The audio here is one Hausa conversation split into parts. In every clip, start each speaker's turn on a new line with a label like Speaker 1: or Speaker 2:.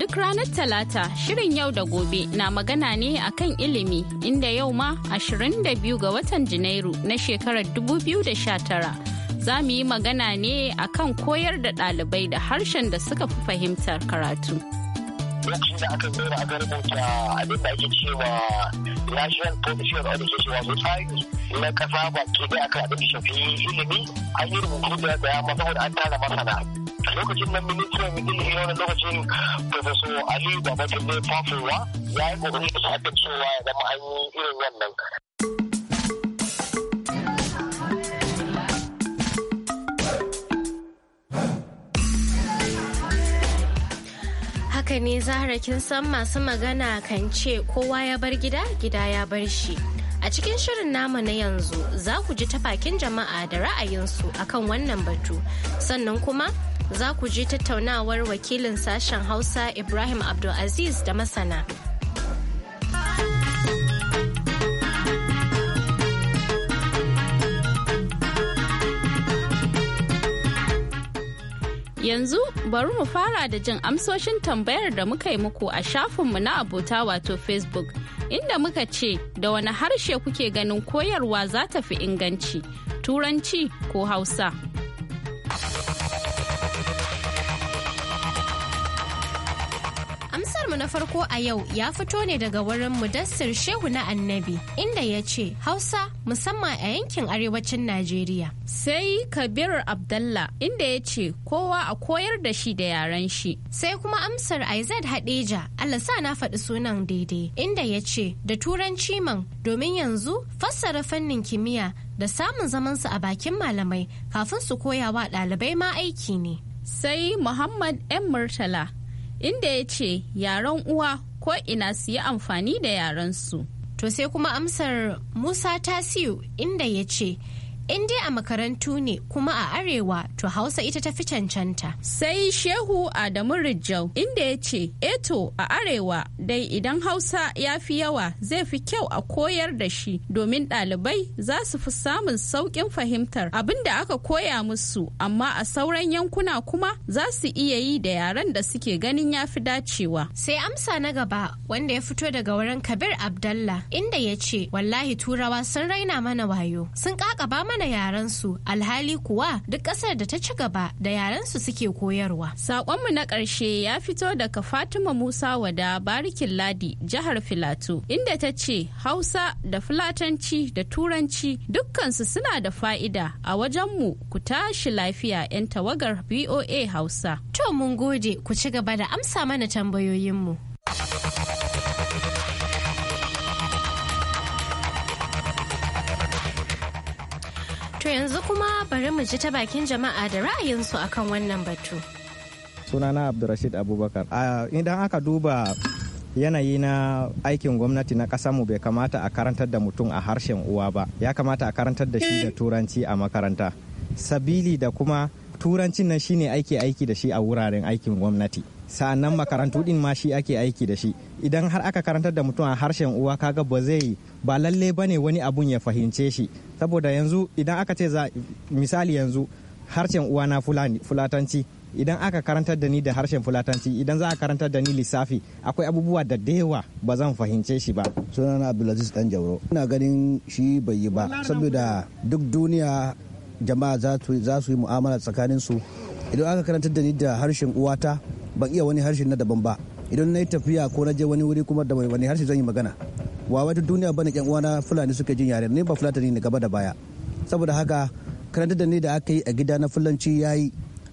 Speaker 1: duk ranar Talata shirin yau da gobe na magana ne akan ilimi inda yau ma 22 ga watan Janairu na shekarar 2019 za mu yi magana ne akan koyar da ɗalibai da harshen da suka fi fahimtar karatu.
Speaker 2: lokacin da aka zo da aka rubuta abin da ake cewa national policy of education wato tsari na kasa baki da aka abin da shafi ilimi an yi rubutu da ya dama saboda an tara masana lokacin nan ministan ilimi wani lokacin professor ali babatunde fafowa ya yi kokari da sadar cewa ya zama an yi irin wannan
Speaker 3: haka ne zahra kin san masu magana kan ce kowa ya bar gida gida ya bar shi a cikin shirin namu na yanzu za ku ji tafakin jama'a da ra'ayinsu akan wannan batu sannan kuma za ku ji tattaunawar wakilin sashen Hausa Ibrahim Abdulaziz da masana.
Speaker 1: Yanzu bari mu fara da jin amsoshin tambayar da muka yi muku a shafinmu na abota wato Facebook, inda muka ce da wani harshe kuke ganin koyarwa za ta fi inganci, Turanci ko Hausa. mu na farko a yau ya fito ne daga
Speaker 3: wurin Mudassir Shehu na Annabi inda ya ce Hausa musamman a yankin arewacin Najeriya. Sai Kabir Abdallah inda ya ce kowa a koyar da shi da yaren shi. Sai kuma amsar Aizad Hadeja Allah sa na faɗi sunan daidai inda ya ce da turanci man domin yanzu fassara fannin kimiyya da samun
Speaker 1: zamansu a bakin malamai kafin su koyawa ɗalibai ma aiki ne. Sai Muhammad yan Murtala inda ya ce yaren uwa ko ina su yi amfani da yarensu. To sai kuma amsar Musa Tasiu inda ya ce
Speaker 3: in dai a makarantu ne kuma a arewa to hausa ita ta fi cancanta. Sai
Speaker 1: Shehu Adamu Rijau inda ya ce, Eto a arewa dai idan hausa ya fi yawa zai fi kyau a koyar da shi domin ɗalibai za su fi samun sauƙin fahimtar abin da aka koya musu amma a sauran yankuna kuma za su iya yi da yaren da suke ganin ya fi dacewa. Sai amsa na gaba wanda ya fito daga
Speaker 3: wurin Kabir Abdallah inda ya ce, Wallahi turawa sun raina mana wayo, sun ƙaƙaba
Speaker 1: mana mana yarensu alhali kuwa duk ƙasar da ta ci gaba da yarensu suke koyarwa. Saƙonmu na ƙarshe ya fito daga Fatima Musa Wada Barikin Ladi jihar Filato inda ta ce Hausa da Fulatanci da Turanci dukkansu suna da fa'ida a wajenmu ku tashi lafiya 'yan tawagar BOA Hausa. To mun gode ku ci gaba da amsa mana tambayoyinmu.
Speaker 3: yanzu kuma bari mu ji ta bakin jama'a da ra'ayin ra'ayinsu akan wannan batu.
Speaker 4: Sunana Abdulrashid Abubakar. Idan aka duba yanayi na aikin gwamnati na mu bai kamata a karantar da mutum a harshen uwa ba ya kamata a karantar da shi da turanci a makaranta sabili da kuma turancin nan shine aiki aiki da shi a wuraren aikin gwamnati sa'annan makarantu din ma shi ake aiki da shi idan har aka karantar da mutum a harshen uwa kaga ba zai yi ba lalle ba ne wani abun ya fahimce shi saboda yanzu idan aka ce za misali yanzu harshen uwa na fulatanci idan aka karantar da ni da harshen fulatanci idan za a karantar da ni lissafi akwai abubuwa da dewa ba zan fahimce shi ba sunana abdulaziz dan jauro ina ganin shi bai yi ba saboda duk duniya jama'a za su yi mu'amala tsakanin su idan aka karantar da ni da harshen uwata ban iya wani harshe na daban ba idan na yi tafiya ko na je wani wuri kuma da wani harshe zan yi magana wa wata duniya bane yan uwana fulani suke jin yare ni ba fulatani ne gaba da baya saboda haka karanta da ni da aka yi a gida na fulanci yayi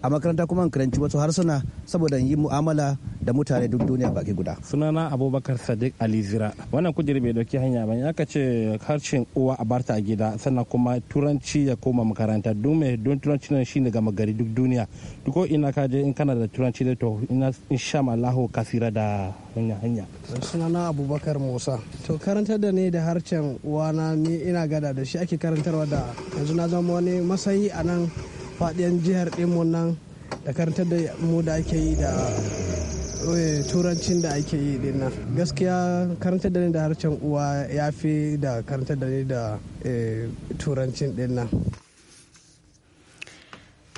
Speaker 4: a makaranta kuma in karanci wasu harsuna saboda yi mu'amala da mutane duk duniya baki guda sunana abubakar sadiq ali zira wannan kujeru bai dauki hanya ba ya ce harshen uwa a barta a gida sannan kuma turanci ya koma makaranta don me don turanci nan shine gama gari duk duniya duk ina ka je in kana da turanci da to ina insha Allah ka tsira da hanya hanya sunana abubakar musa to karantar da ne da harshen uwa na ni ina gada da shi ake karantarwa da yanzu na zama wani masayi a nan faɗin jihar ɗinmu nan da karantar da mu da ake yi da eh, turancin da ake yi din nan gaskiya karantar da ni da harshen uwa ya fi da karantar da ni da eh, turancin din nan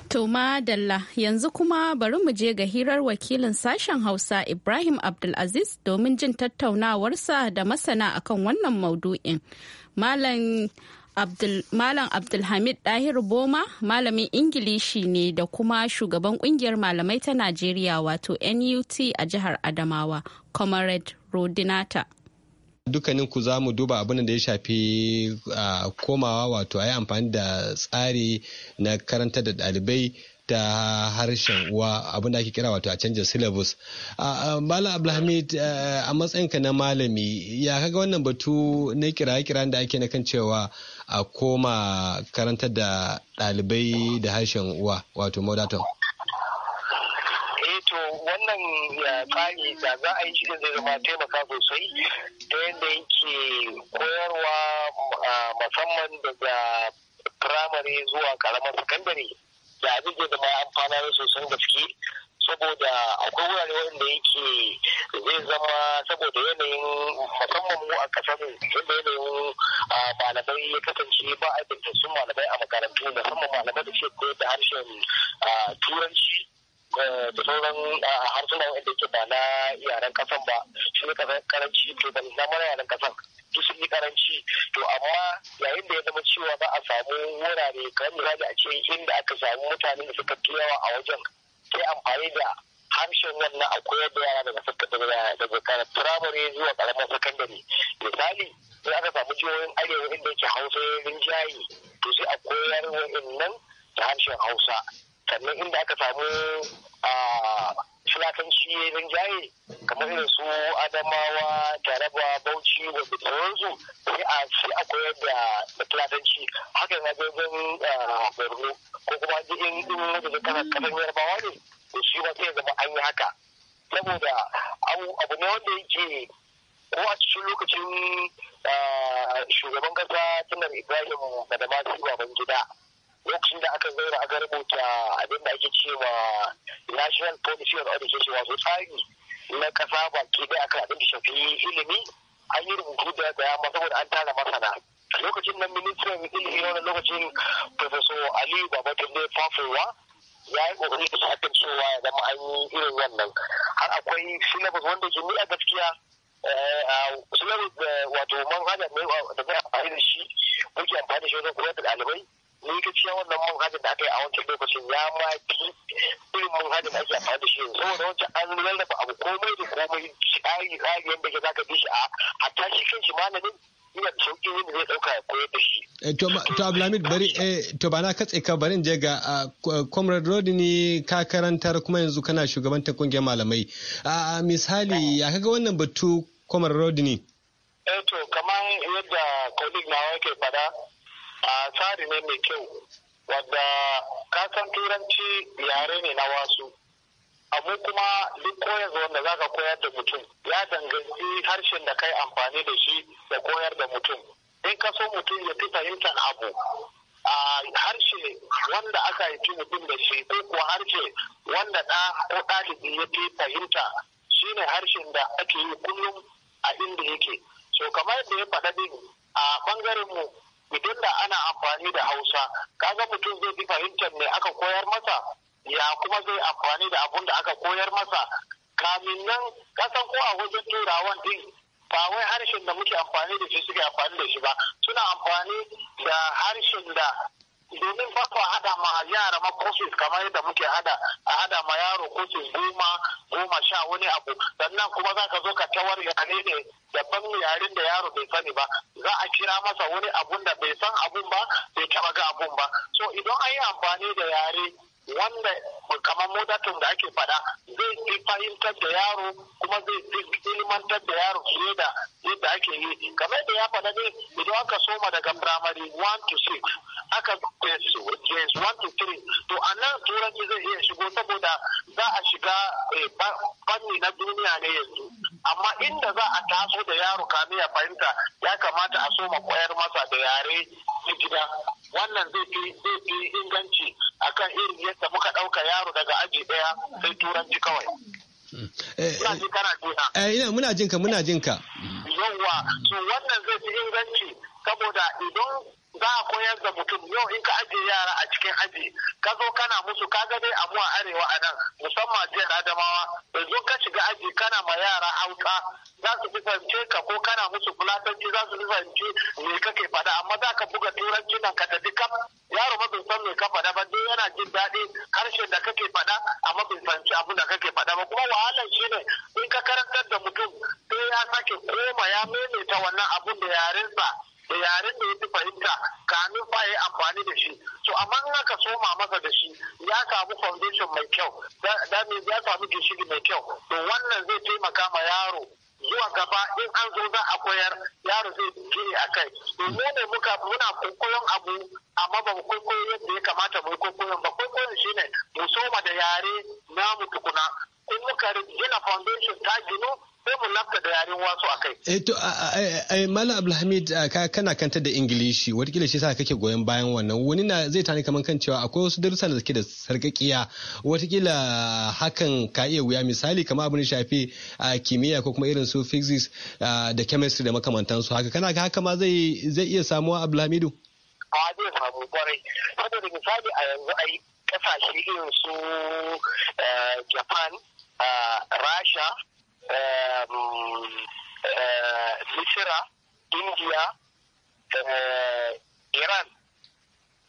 Speaker 1: To Dalla yanzu kuma bari mu je ga hirar wakilin sashen Hausa Ibrahim Abdulaziz domin jin tattaunawarsa da masana akan wannan maudu'in. Malam Malam Abdulhamid Dahir Boma malamin Ingilishi ne da kuma shugaban kungiyar malamai ta Najeriya wato NUT a jihar Adamawa, Comrade Rodinata.
Speaker 4: dukkanin ku za mu duba abin da ya shafi komawa wato a yi amfani da tsari na karanta da ɗalibai ta harshen uwa abin da ake kira wato a canja syllabus malam abdulhamid a matsayinka na malami ya kaga wannan batu na kira-kiran da ake na kan cewa a koma karantar da ɗalibai da harshen uwa wato modaton?
Speaker 2: Eh, to wannan ya tsari da za a yi shi zai zama taimaka sosai ta yadda yake koyarwa musamman daga firamare zuwa karamar sakandare da abin zai zama amfanar sosai gaske saboda akwai wurare wanda yake zai zama saboda yanayin musamman mu a kasar inda yanayin malamai ya kasance ba a sun malamai a makarantu musamman malamai da ke koyar da harshen turanci eh, da sauran harsuna wanda ke ba na yaren kasan ba shi ne karanci to ban na mara yaren kasan duk sun yi karanci to amma yayin da ya zama cewa ba a samu wurare kamar misali a ce inda aka samu mutane da suka fi yawa a wajen ke amfani da hamshin nan na a da yara daga firamare zuwa karamar sakandare misali sai aka samu jihohin arewa inda yake hausa ya rinjaye to sai a koyar wa'in nan da harshen hausa sannan inda aka samu a yi rinjaye kamar irin su adamawa jaraba bauchi da sauransu sai a ci a koyar da filatanci haka na gajen borno ko kuma ɗin in wajen kana kasan yarbawa ne da shi ma sai zama an yi haka saboda abu ne wanda yake ko a cikin lokacin shugaban kasa tunar ibrahim da da su gida lokacin da aka zaura aka rubuta abin da ake cewa national policy on education wato tsari na kasa baki da aka abin da shafi ilimi an yi rubutu da dama saboda an tara masana lokacin nan ministan ilimi wani lokacin professor ali babatunde fafowa ya yi kokari da akan cewa ya zama an yi irin wannan har akwai syllabus wanda ke ni eh, a gaskiya syllabus eh, wato manhaja ne da zai amfani da shi muke amfani da shi wajen koyar da ɗalibai ni gaskiya wannan manhajar da aka yi a wancan lokacin ya ma irin irin manhajar da ake amfani da shi yanzu saboda wancan an rarraba abu komai da komai tsari tsari yadda ke zaka bi shi a hatta shi kanshi malamin yana
Speaker 4: da sauƙin yadda zai ɗauka ya koyar da shi. Eh, to Abdulhamid bari eh, to ba na katse ka barin je ga ah, Comrade Rodney ka karantar kuma yanzu kana shugabantar kungiyar malamai. A ah, misali ya kaga wannan batu Comrade Rodney.
Speaker 2: Eh to kamar yadda colleague na wake fada a tsari ne mai kyau wadda kasan turanci yare ne na wasu abu kuma duk koyar da wanda ka koyar da mutum ya danganci harshen da kai amfani da shi da koyar da mutum in ka so mutum ya fi fahimtar abu a harshe wanda aka haifi mutum da shi ko kuwa harshe wanda ɗa ko ɗalibi ya fi fahimta shine harshen da ake yi kullum a inda yake so kamar yadda ya faɗa din a ɓangaren mu idan da ana amfani da hausa kaga mutum zai fi fahimtar me aka koyar masa ya kuma zai amfani da abun da aka koyar masa kamin nan kasan ko a wajen turawan din ba wai harshen da muke amfani da shi suke amfani da shi ba suna amfani da harshen da domin ba ku hada ma yara ma kofis kamar yadda muke hada a hada ma yaro kofis goma goma sha wani abu sannan kuma za ka zo ka tawar yare ne daban yaren da yaro bai sani ba za a kira masa wani abun da bai san abun ba bai taba ga abun ba so idan an yi amfani da yare wanda kamar modatun da ake faɗa zai fi fahimtar da yaro kuma zai fi ilimantar da yaro fiye da yadda ake yi kamar da ya faɗa ne idan aka soma daga primary 1 to 6 aka saboda za a shiga eh, fanni na duniya ne yanzu amma inda za a taso da yaro kame ya fahimta ya kamata a soma koyar masa da yare na gida wannan zai fi inganci akan irin yadda muka ɗauka yaro daga aji ɗaya sai turanci kawai. Hmm. Eh,
Speaker 4: eh, ina muna jinka muna jinka. Hmm.
Speaker 2: Yawwa, to wannan zai fi inganci saboda idan za a koyar da mutum yau in ka ajiye yara a cikin aji ka zo kana musu ka ga dai abuwa arewa a nan musamman jihar adamawa zo ka shiga aji kana ma yara hauka za su fi fahimce ka ko kana musu fulatanci za su fi fahimce me kake faɗa amma za ka buga turanci nan ka tafi kam yaro ma bai san me ka faɗa ba dai yana jin daɗi harshen da kake faɗa amma bai fahimci abin da kake faɗa ba kuma wahalar shi ne in ka karantar da mutum sai ya sake koma ya maimaita wannan abun da yarensa da yaren da ya fi fahimta kamin ba ya amfani da shi to amma in aka soma masa da shi ya samu foundation mai kyau da ya samu gishiri mai kyau to wannan zai taimaka ma yaro zuwa gaba in an zo za a koyar yaro zai gini a kai domin ne muka muna kwaikwayon abu amma ba mu kwaikwayo yadda ya kamata mu yi kwaikwayon ba kwaikwayon shine mu soma da yare namu tukuna in muka gina foundation ta ginu
Speaker 4: sai mu lafta da yaren wasu a kai. Eh to eh, Malam Abdulhamid kana kanta da Ingilishi Wataƙila shi sa kake goyon bayan wannan wani na zai tani kan cewa akwai wasu darussa da suke da sarkakiya Wataƙila hakan ka iya wuya misali kamar abin shafi kimiyya ko kuma irin su physics da chemistry da makamantansu haka kana ga haka ma zai zai iya samuwa Abdulhamidu.
Speaker 2: A zai samu kwarai saboda misali a yanzu ai kasashe irin su eh, Japan Uh, rasha um, uh, misira India, uh, iran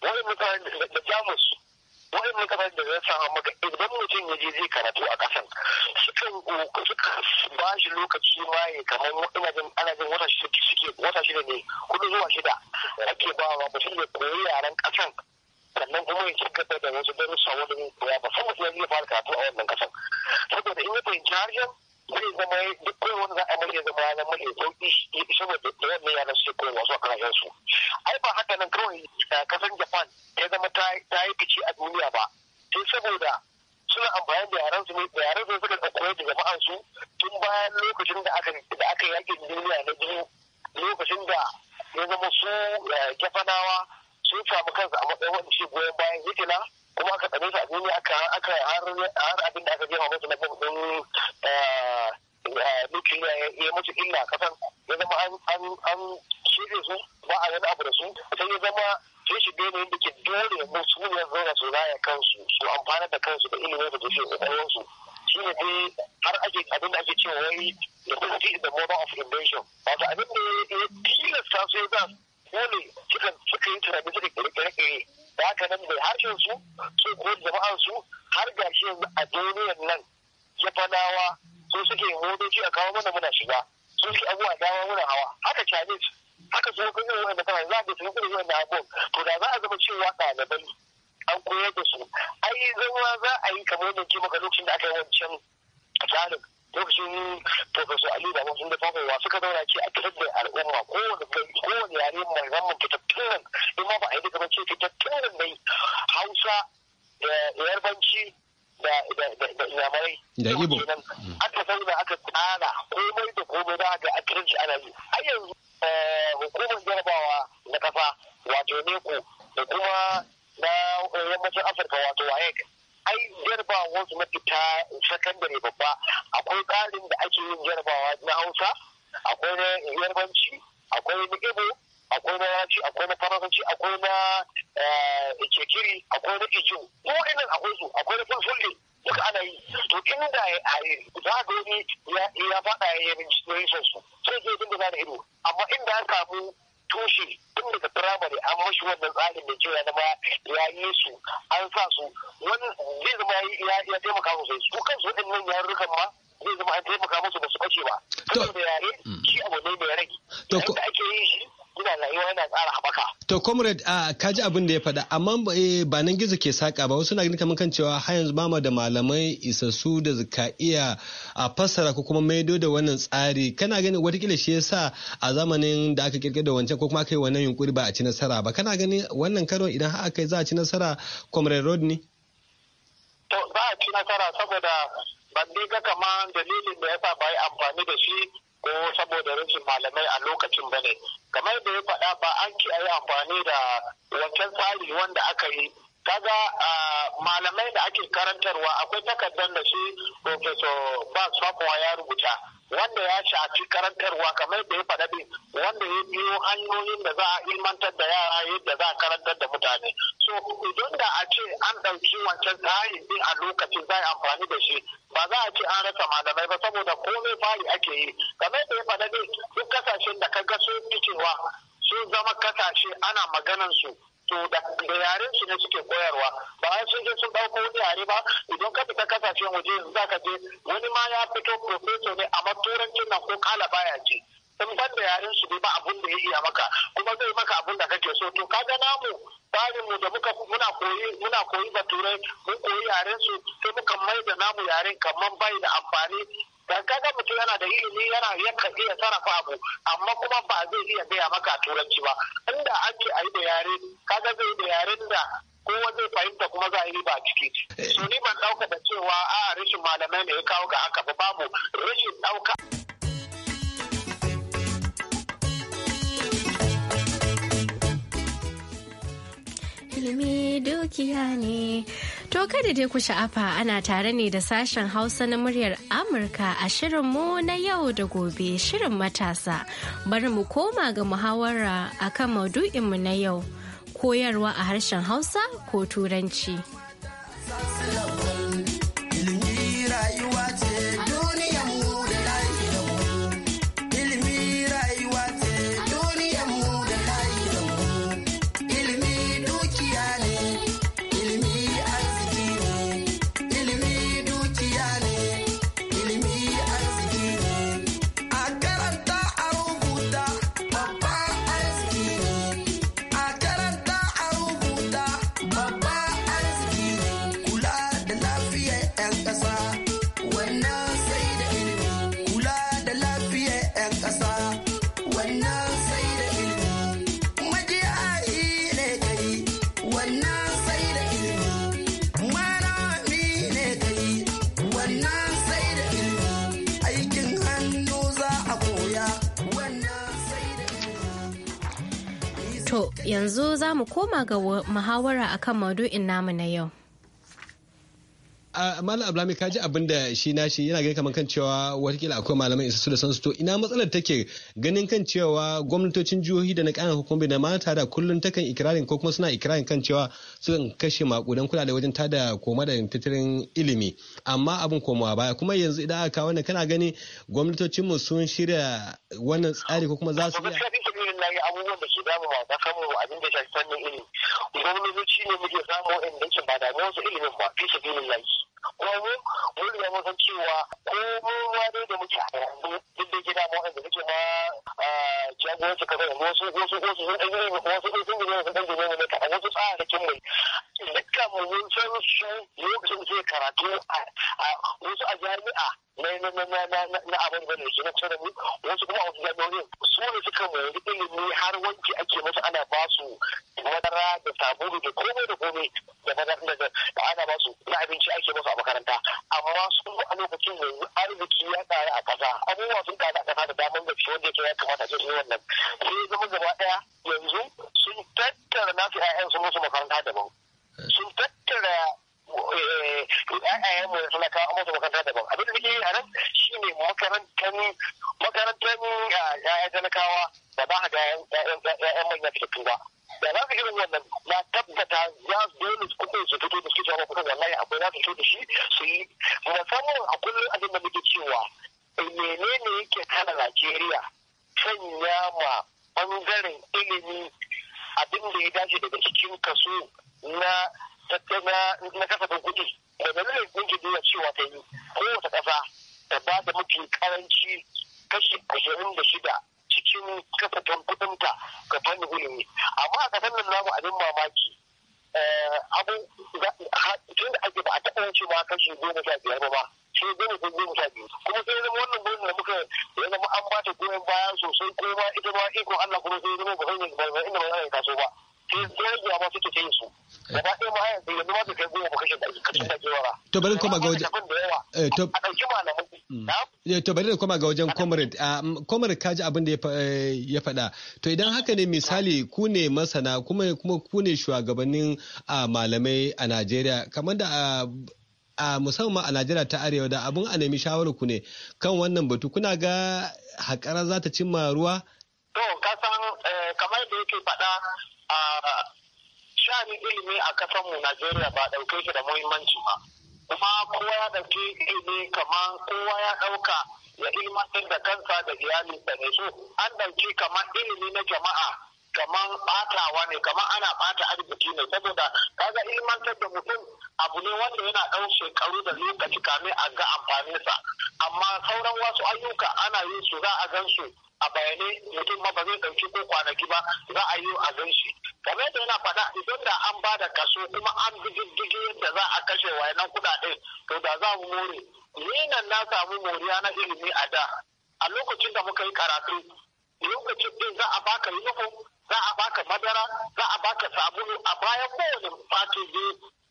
Speaker 2: wani mutane da jamus wani mutane da zai samu maka idan mutum ya je zai karatu a ƙasar. sukan ba shi lokaci ma ya kamar ina jin ana jin wata shida ne kudu zuwa shida ake ba wa mutum ya koyi yaren ƙasar. sannan kuma ya cigaba da wasu darussa wanda zai ba sama sai yi fara karatu a wannan kasan saboda in ya fahimci harshen zai zama duk kai wani za a mai ya zama ya zama ya saboda da wannan yana su wasu a kasashen su ai ba haka nan kawai kasan japan ya zama ta yi fice a duniya ba sai saboda suna amfani da yaran su ne da yaran su suka koyar da jama'an su tun bayan lokacin da aka da aka yakin duniya na biyu lokacin da ya zama su eh, jafanawa sun samu kansu a matsayin wanda shi goyon bayan hitila kuma aka tsane su a duniya aka aka har abin da aka jefa musu na bom din eh, eh, nukiliya ya yi mutu illa kasan ya zama an an shirya su ba a yana abu da su sai ya zama sai shi da yanayin da ke dole mu su ne zauna su raya kansu su amfana da kansu da ilimin da tafi su shi ne dai har ake abin da ake cewa wai da kuma da model of invention wato abin da ya tilasta su ya su ne suka suka yi tunani suka kirkire da haka nan mai harshen su su ko jama'an su har ga shi a duniyar nan yabanawa su suke motoci a kawo mana muna shiga su suke abubuwa dama muna hawa haka chinese haka su kuma irin wanda kawai za a su kuma irin da abubuwan to da za a zama cewa ɗalibai an koyar da su ai zama za a yi kamar yadda ke maka lokacin da aka yi wancan tsarin lokacin professor ali da masu da fafawa suka zauna ce a fitar da al'umma kowane kowane yare mai ramar fitattun in ma ba a yi daga bace fitattun nan hausa da yarbanci da inyamurai da ibo aka zauna aka tsara komai da komai za a ga a kiranci ana yi har yanzu eh, hukumar jarabawa na kafa wato neko da kuma na yammacin afirka wato waec ai jarabawa su mafita sakandare babba akwai ƙarin da ake yin jarabawa na hausa akwai na yarbanci akwai na ibo akwai na yaci akwai na faransanci akwai na eh, kekiri akwai na ijo ko irin akwai su akwai na fulfulle duka ana yi to inda ya ayi za ga wani ya faɗa ya yi binciken sai zai dinga zana ido amma inda ya samu tushe tun daga firamare an mashi wannan tsarin da cewa zama ya yi su an sa su wani zai zama ya taimaka musu su kansu waɗannan yarurrukan ma zai zama an taimaka musu ba su ɓace ba. da yare mm. shi abu ne mai rage. Yadda ake yin shi gina na
Speaker 4: yana tsara haɓaka. To comrade a kaji abin da ya faɗa amma eh, ba nan gizo ke saƙa ba wasu na ganin kamar kan cewa har yanzu bama da malamai isassu da ka iya a fassara ko kuma maido da wannan tsari kana gani watakila shi yasa a zamanin da aka kirkira da wancan ko kuma aka yi wannan yunkuri ba a ci nasara ba kana gani wannan karon idan har aka yi za a ci nasara comrade Rodney? To za a ci nasara saboda ban
Speaker 2: ga kama dalilin da yasa ba yi amfani da shi ko saboda rashin malamai a lokacin ba ne kamar da ya faɗa ba an ki yi amfani da wancan tsari wanda aka yi kaga malamai da ake karantarwa akwai takardar da shi professor ba samuwa ya rubuta wanda ya shafi karantarwa kamar da ya faɗa ɗin wanda ya biyo hanyoyin da za a ilmantar da yara yadda za a karantar da mutane so idan da a ce an ɗauki wancan tsarin ɗin a lokacin za a amfani da shi ba za a ce an rasa malamai ba saboda komai fari ake yi kamar da ya faɗa ɗin duk kasashen da ka ga sun fi cewa sun zama kasashe ana maganan su to da yaren su ne suke koyarwa ba an sun je sun ɗauko wani yare ba idan ka fita kasashen waje za ka je wani ma ya fito professor ne amma turancin nan ko kala baya ce in ban da yaren su ba abun da ya iya maka kuma zai maka abun da kake so to kaga namu tsarin mu da muka muna koyi muna koyi baturai mun koyi yaren su sai muka maida namu yaren kamar bai da amfani dan kaga mutum yana da ilimi yana yanka iya sarrafa abu amma kuma ba zai iya gaya maka turanci ba inda ake a yi da yare kaga zai yi da yaren da kowa zai fahimta kuma za a yi ba ciki. So eh. ni ban ɗauka da cewa a rashin malamai ne ya kawo ga haka ba babu rashin ɗauka.
Speaker 3: Ilimi dukiya ne To kada dai ku sha'afa ana tare ne da sashen Hausa na muryar Amurka a shirin mu na yau da gobe shirin matasa. Bari mu koma ga muhawara akan maudu'inmu na yau. Koyarwa a harshen Hausa ko Turanci. yanzu za mu koma ga muhawara akan maudu'in namu na yau.
Speaker 4: Uh, malam ablami kaji abin da shi shi yana gani kamar kan cewa watakila akwai malaman isa su da san su to ina matsalar take ganin kan cewa gwamnatocin jihohi da na kayan hukumar da mana tada kullum takan ikirarin ko kuma suna ikirarin kan cewa su kashe makudan kula da wajen tada koma da tattalin ilimi amma abin komawa baya kuma yanzu idan aka kawo kana gani gwamnatocin mu sun shirya wannan tsari ko kuma za
Speaker 2: su iya na yi abubuwan da ke damu ba kasar mu abin da shafi fannin ilimi gwamnatoci ne muke samu wa'anda yake ba damuwar wasu ilimin ba fi sabilin yanki kuma mu mun riga mun san cewa ko mu ma dai da muke a yanzu duk da gida mu wa'anda muke ma jagoranci kaza yanzu wasu wasu wasu sun ɗan gire wasu sun sun gire sun ɗan gire mu ne kaɗan wasu tsararrakin mu dukkan mu mun san su lokacin da suke karatu a wasu a jami'a na abin da ke na cire wasu kuma a wasu jami'o'in su ne suka mai ilimi har wanki ake masa ana ba su madara da sabulu da komai da komai da madara da ana ba su na abinci ake masa a makaranta amma su a lokacin yanzu arziki ya ƙara a kasa abubuwa sun ƙara a kasa da daman gaske wanda ya kamata a ce wannan sai zama gaba daya yanzu sun tattara nasu 'ya'yan sun musu makaranta daban sun tattara Eh, eh, ƴaƴayen mu suna kawo musu makaranta daban abin da nake a nan shine makarantar makarantar ƴaƴan talakawa da ba ga ƴaƴan manya fitattu ba da za su irin wannan na tabbata ya dole su kuɗin su fito da su jawo kuɗin wallahi akwai za su fito da shi su yi musamman a kullum abin da muke cewa menene yake kana Najeriya sanya ma ɓangaren ilimi abin da ya dace daga cikin kaso na tattala na kasafin kuɗi. To bari koma ga wajen.
Speaker 4: ɗauki
Speaker 2: malamai.
Speaker 4: To bari da koma ga wajen comrade. Ah, comrade ka ji abin da eh, ya faɗa. To idan haka ne misali ku ne masana kuma kuma ku ne shugabannin ah, malamai a Najeriya kamar da a ah, musamman a Najeriya ta Arewa da abin a nemi shawarar ku ne kan wannan batu kuna ga haƙara za ta cimma ruwa?
Speaker 2: To kasan eh, kamar da yake faɗa ni ilimi a kasar mu Najeriya ba ɗauke shi da muhimmanci ba. Kuma kowa ya ɗauki ilimi kamar kowa ya ɗauka ya ilmantar da kansa da iyalinsa ne so an ɗauki kamar ilimi na jama'a kaman batawa ne kamar ana bata arziki ne saboda kaga ilmantar da mutum abu ne wanda yana ɗan shekaru da lokaci kamin a ga amfanin sa amma sauran wasu ayyuka ana yin su za a gan su a bayane mutum ma ba zai ɗauki ko kwanaki ba za a yi a gan shi kamar yadda yana faɗa kaso kuma an diddige yadda za a kashe wayannan kudaden to da za mu more ni nan na samu moriya na ilimi a da a lokacin da muka yi karatu lokacin din za a baka yunifo za a baka madara za a baka sabulu a baya kowane fati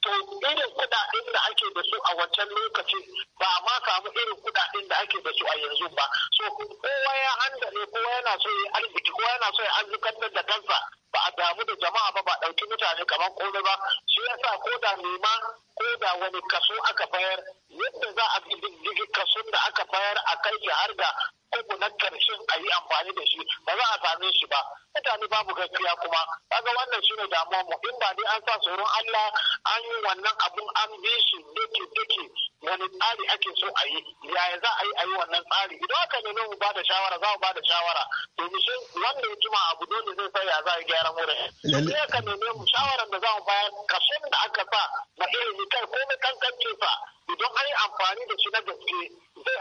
Speaker 2: to irin kudaden da ake da su a wancan lokaci ba a ma samu irin kudaden da ake da su a yanzu ba so kowa ya handale kowa yana so ya arziki kowa yana so ya arzikantar da kansa ba a damu da jama'a ba ba ɗauki mutane kamar komai ba shi yasa ko da nema ko da wani kaso aka bayar yadda za a bi kason da aka bayar a kai har da ko na karshen a yi amfani da shi ba za a same shi ba mutane babu gaskiya kuma kaga wannan shine damuwar mu in ba dai an sa tsoron Allah an yi wannan abun an bi shi dake dake wani tsari ake so a yi yaya za a yi a yi wannan tsari idan aka nemi mu bada shawara za mu bada shawara domin shi wanda ya jima abu dole zai sai ya za a gyara mu da shi aka nemi mu shawara da za mu bayar kashin da aka sa na ilimi ko komai kankan kifa idan an yi amfani da shi na gaske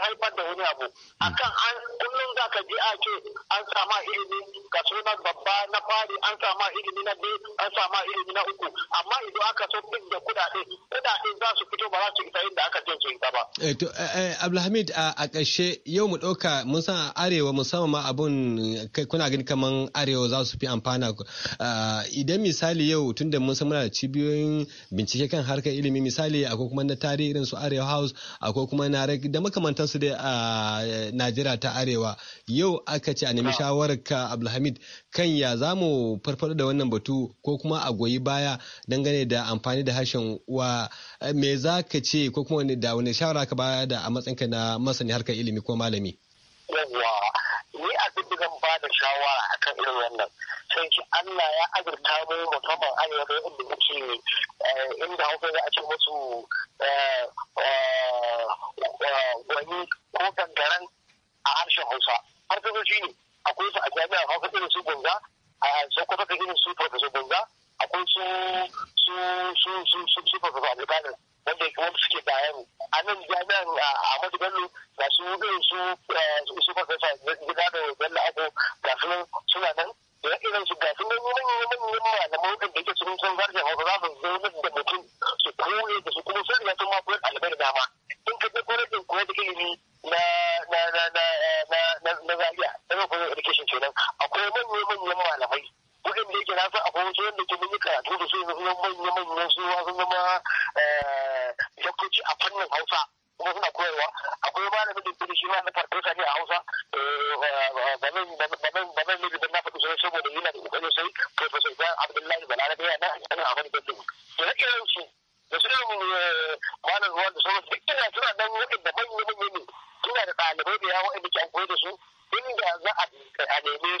Speaker 2: haifar da wani abu akan an kullum za ka ji a ce an sama ilimi ka na babba na fari an sama ilimi na biyu an sama ilimi na uku
Speaker 4: amma idan aka so duk da kudade kudade za su fito ba za su isa inda aka je su isa ba. Eh, to eh, eh, abdulhamid a ƙarshe yau mu ɗauka mun san arewa musamman ma abun kuna gani kaman arewa za su fi amfana idan misali yau tunda mun san muna da cibiyoyin bincike kan harkar ilimi misali akwai kuma na tarihi irin su arewa house akwai kuma na da makamantan wasu dai a eh, Najeriya ta Arewa yau aka ce a nemi shawarar ka Abdulhamid kan ya za mu farfado da wannan batu ko kuma a goyi baya dangane da amfani da harshen wa eh, me za ka ce ko kuma da wani shawara ka baya da a matsayinka na masani harkar ilimi ko malami.
Speaker 2: ni a zan ba da shawara akan irin wannan. sai ki Allah ya azurta mu musamman arewa inda muke eh, inda hausa za a ce musu wani ko gangaren a harshen hausa har ta shi ne akwai su a jami'a hausa irin su gunga a sokoto ta irin su farfasa gunga akwai su su su su su su professor abdulkadir wanda ya kuma suke bayan a nan jami'an ahmadu bello ga su irin su su farfasa gida da bello ako ga su nan suna nan da irin su ga su nan manyan manyan malamai da yake sun san harshen hausa za su zo da mutum su koye da su kuma sun riga sun ma koyar ɗalibai da dama kuma da ilimi na na na na na na na na na na na education kenan akwai manyan manyan malamai na yake na san akwai wasu wanda ke mun yi karatu da su na manyan manyan su na zama na a fannin hausa kuma suna koyarwa akwai malamin da na shi ma na na ne a hausa eh, ba nan ba ne da na faɗi sosai saboda yana da ƙoƙari sosai professor Jan Abdullahi Balarabe ya na a kan abin da su da su ne eh, malam da sauransu suna nan waɗanda manya manya ne suna da ɗalibai da yawa waɗanda ke amfani da su inda za a nemi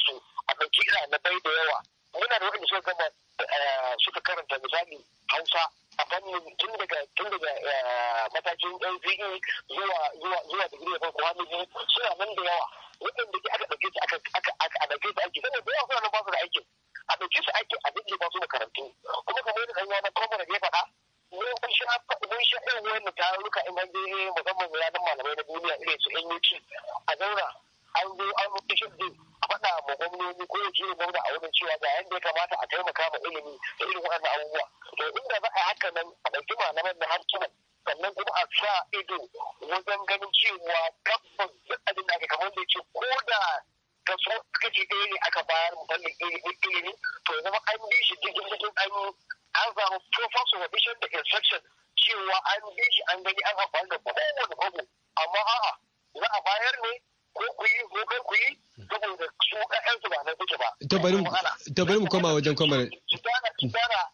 Speaker 2: waɗannan abubuwa to inda za a haka nan a ɗauki malaman da hakiman sannan kuma a sa ido wajen ganin cewa gabban duk da ake kamar da ce ko da ka so kashi ɗaya ne aka bayar mu musamman ne to ya zama an bi shi cikin cikin an yi an samu professor wa da instruction cewa an bi shi an gani an haɓar da kowane kwabo amma a'a za a bayar ne ko ku yi ko kar ku yi saboda su ƴaƴansu ba suke ba mu koma wajen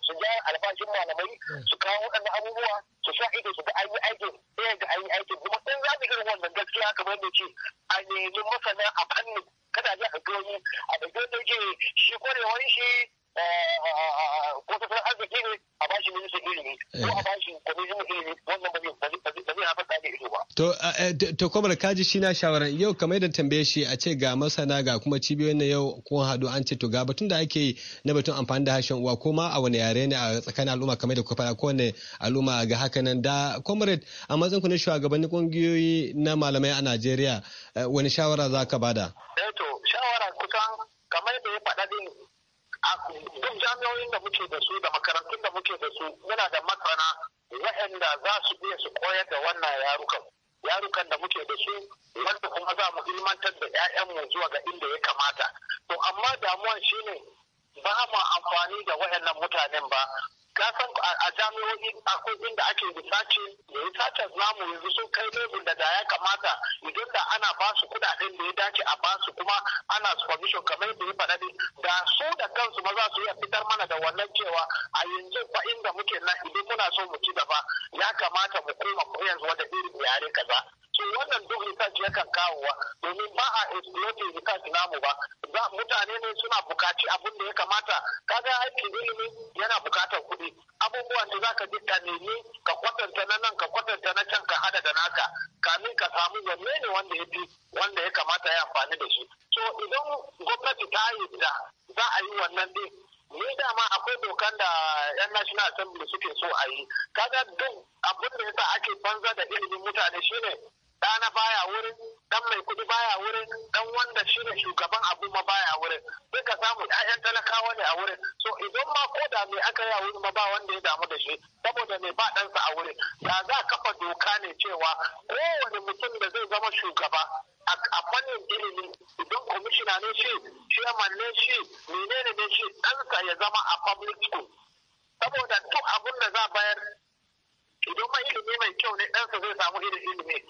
Speaker 2: su gyara albashin malamai su kawo waɗannan abubuwa su sa ido su ga an aikin kuma in za gaskiya kamar da ce a nemi masana a fannin kada a a gani a da gani shi kwarewar shi Eh, ko tattalin arziki ne a bashi ministan ilimi ko a bashi kwamishin ilimi wannan
Speaker 4: ba zai haifar da ido ba. To, eh, to kaji shi na shawara yau kamar yadda tambaye shi a ce ga masana ga kuma cibiyoyin na yau kun haɗu an ce to ga batun da ake yi na batun amfani da harshen uwa ko ma a wani yare ne a tsakanin al'umma kamar da kuka faɗa ko wani al'umma ga haka nan da comrade a matsayin ku ne shugabannin kungiyoyi na malamai a Najeriya eh, wani shawara za ka bada?
Speaker 2: Eh to shawara kusan kamar da ya faɗa duk jami'o'in da muke da su da makarantun da muke da su muna da masana waɗanda za su iya su koyar da wannan yarukan yarukan da muke da su wanda kuma za mu ilmantar da 'ya'yanmu zuwa ga inda ya kamata to amma damuwan shine ba mu amfani da waɗannan mutanen ba ka san a jami'o'i akwai da ake research researchers namu yanzu sun kai level da da ya kamata idan da ana ba su kudaden da ya dace a ba su kuma ana supervision kamar yadda ya faɗa da su da kansu ma za su iya fitar mana da wannan cewa a yanzu fa inda muke nan idan muna so mu ci gaba ya kamata mu koma yanzu wata irin yare kaza so wannan duk research yakan wa domin ba a exploiting research namu ba za mutane ne suna bukaci abin da ya kamata kaga aikin ilimi yana bukatar kuɗi abubuwan da zaka ji ka nemi ka kwatanta na nan ka kwatanta na can ka hada da naka kamin ka samu wanne ne wanda ya fi wanda ya kamata ya amfani da shi so idan gwamnati ta yi da za a yi wannan din ni dama akwai dokan da yan national assembly suke so a yi kaga duk abin da yasa ake banza da ilimin mutane shine ɗana baya wurin dan mai kuɗi baya wurin dan wanda shi ne shugaban abu ma baya wurin sai ka samu ƴaƴan talakawa ne a wurin so idan ma ko da me aka yi a wurin ma ba wanda ya damu da shi saboda me ba ɗansa a wurin da za kafa doka ne cewa kowane mutum da zai zama shugaba a fannin ilimi idan kwamishina ne shi chairman ne shi menene ne shi ɗansa ya zama a public school saboda duk abun da za bayar idan ma ilimi mai kyau ne ɗansa zai samu irin ilimi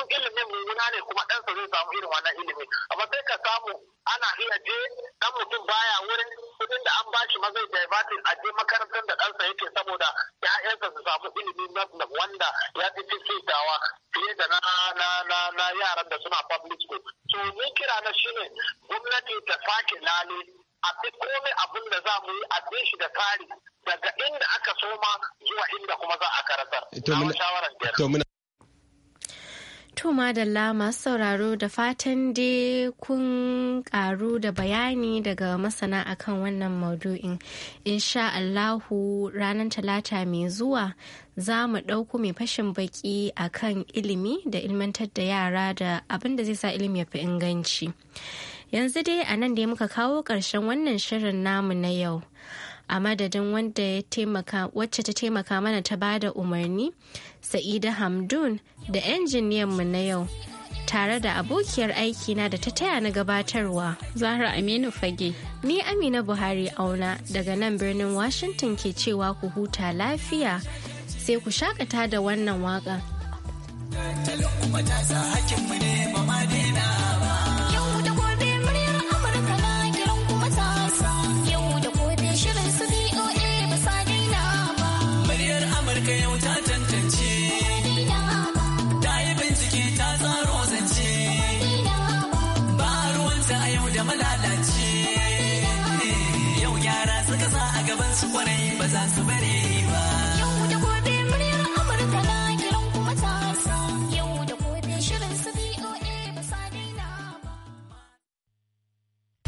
Speaker 2: sun ilimin mummuna ne kuma ɗansa zai samu irin wannan ilimi amma sai ka samu ana iya je ɗan mutum baya wurin kudin da an bashi ma zai ya a je makarantar da ɗansa yake saboda ya'yansa su samu ilimi na wanda ya fi fifitawa fiye da na yaran da suna public school to ni kira na shine gwamnati ta sake lale a duk komai abin da za mu yi a shi da
Speaker 4: tsari daga inda aka soma zuwa inda kuma za a karatar.
Speaker 3: To madalla masu sauraro da fatan dai kun karu da bayani daga masana akan wannan maudu'in. Insha Allahu ranar talata mai zuwa za mu ɗauko mai fashin baki akan ilimi da ilmantar da yara da abin da zai sa ilimi ya fi inganci. Yanzu dai a nan da muka kawo ƙarshen wannan shirin namu na yau. a madadin wanda ya taimaka wacce ta taimaka mana ta ba da umarni sa'ida hamdun da mu na yau tare da abokiyar aikina da ta taya na gabatarwa. Zahra Aminu Fage. Ni Amina Buhari auna daga nan birnin Washington ke cewa ku huta lafiya sai ku shakata da wannan waƙa.